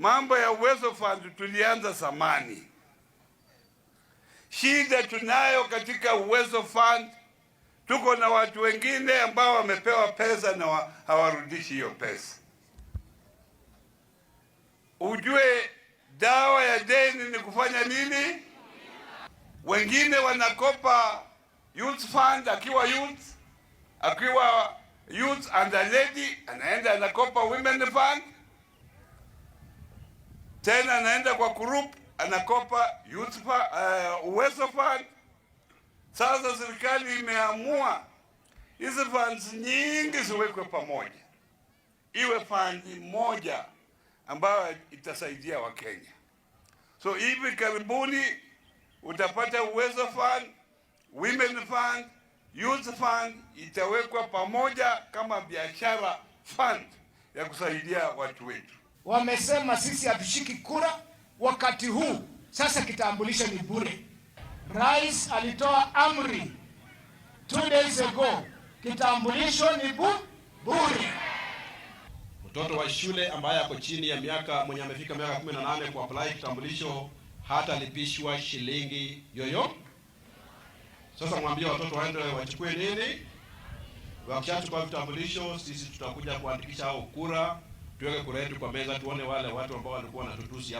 Mambo ya Uwezo Fund tulianza zamani. Shida tunayo katika Uwezo Fund, tuko na watu wengine ambao wamepewa pesa na hawarudishi hiyo pesa. Ujue dawa ya deni ni kufanya nini? Wengine wanakopa youth fund, akiwa youth akiwa youth and a lady anaenda anakopa women fund tena anaenda kwa group anakopa youth uh, uwezo fund. Sasa serikali imeamua hizi funds nyingi ziwekwe pamoja, iwe fund moja ambayo itasaidia Wakenya. So hivi karibuni utapata uwezo fund, women fund, youth fund itawekwa pamoja kama biashara fund ya kusaidia watu wetu wamesema sisi hatushiki kura wakati huu. Sasa kitambulisho ni bure. Rais alitoa amri two days ago, kitambulisho ni bu bure. Mtoto wa shule ambaye ako chini ya miaka mwenye amefika miaka 18 kuapply kitambulisho hatalipishwa shilingi yoyo. Sasa mwambie watoto waende wachukue nini, wakishachukua vitambulisho, sisi tutakuja kuandikisha au kura tuweke kura yetu kwa meza, tuone wale watu ambao walikuwa wanatutusi